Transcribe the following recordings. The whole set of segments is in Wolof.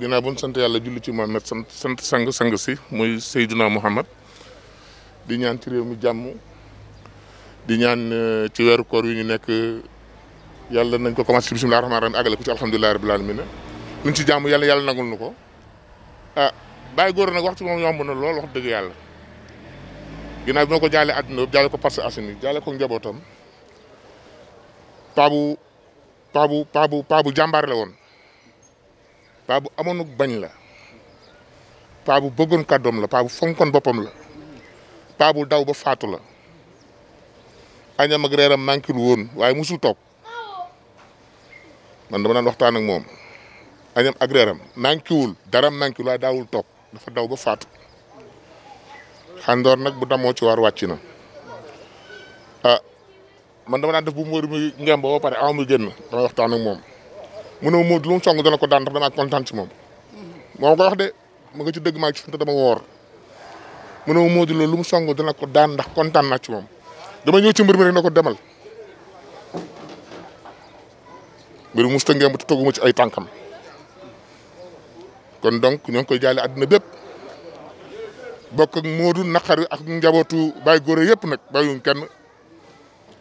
ginnaaw ginnaaw bu ñu sant yàlla julli ci Muhammad sant sant sang sang si muy Seydina Muhammad di ñaan ci réew mi jàmm di ñaan euh, ci weeru koor yu ñu nekk yàlla nañ ko commencé ci bisimilah rahmaani rahiim àggale ko ci alhamdulilah rabil aalamiina luñ ci jàmm yàlla yàlla nangul nu ko ah bàyyi góor nag waxtu moom yomb na lool wax dëgg yàlla ginnaaw bi ma ko jaale àdduna yëpp jaale ko Parcelles Assainies jaale ko njabootam paabu paabu paabu paabu jàmbaar la woon. Pabu bu amonu pabu la pa bu beugon kadom la pa bu fonkon bopam la pa bu daw ba fatu la añam ak reram mankil won waye musul toog man dama nan waxtan ak mom añam ak reram mankiwul dara mankil dawul dafa daw ba fatu xandor nak bu damo ci war waccina ah man dama nan def bu mo wër ba pare genn dama waxtan ak mom mu ne ma Modou lu mu song dana ko daan ndax damaa kontaan ci moom moo wax de ma nga ci dëgg maa ngi dama woor mu ne ma Modou loolu lu mu song dana ko daan ndax kontaan naa ci moom dama ñëw ci mbir mi rek na ko demal mbir mu tëngee ba togguma ci ay tànkam kon donc ñoo koy jaale àddina bépp bokk ak Modou naqar ak njabootu Baye Gora yëpp nag bàyyiwuñ kenn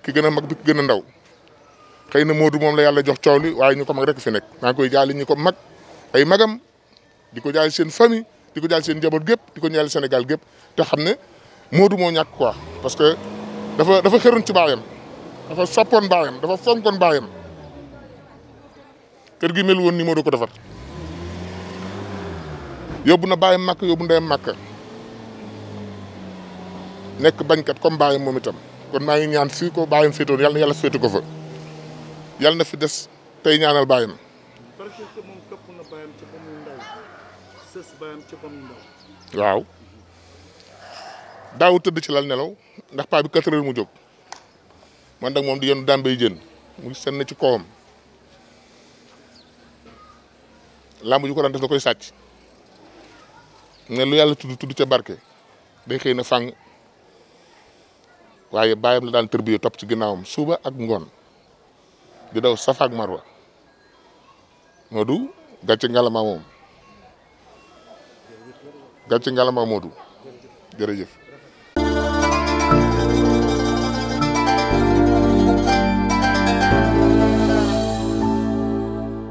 ki gën a mag bi ki gën a ndaw xëy na Modou moom la yàlla jox coow li waaye ñu ko mag rek fi nekk koy jaali ñu ko mag ay magam di ko jaali seen famille di ko jaali seen njaboot gépp diko ko jaali Sénégal gépp te xam ne moodu moo ñàkk ko parce que dafa dafa xëroon ci baayam dafa soppoon baayam dafa fonkoon baayam kër gi mel woon ni Modou ko defar yobu na baayam màkk yóbbu ndeyam màkk nekk bañkat comme baayam moom itam kon maa ngi ñaan fii ko baayam féetoon yàlla na yàlla féetu ko fa yalla na fi dess tay ñaanal bàyyam waaw daaw tëdd ci lal nelaw ndax pa bi 4h mu jóg man dak mom di yenn daan jeen mu sen ci koom lamb ju ko dan def nakoy sacc ne lu yalla tuddu tuddu ci barke day xeyna fang waye bayam la dan terbiye top ci ginnaawam suba ak ngone di daw safaak marwa Modou gàcce ngalama moom gàcce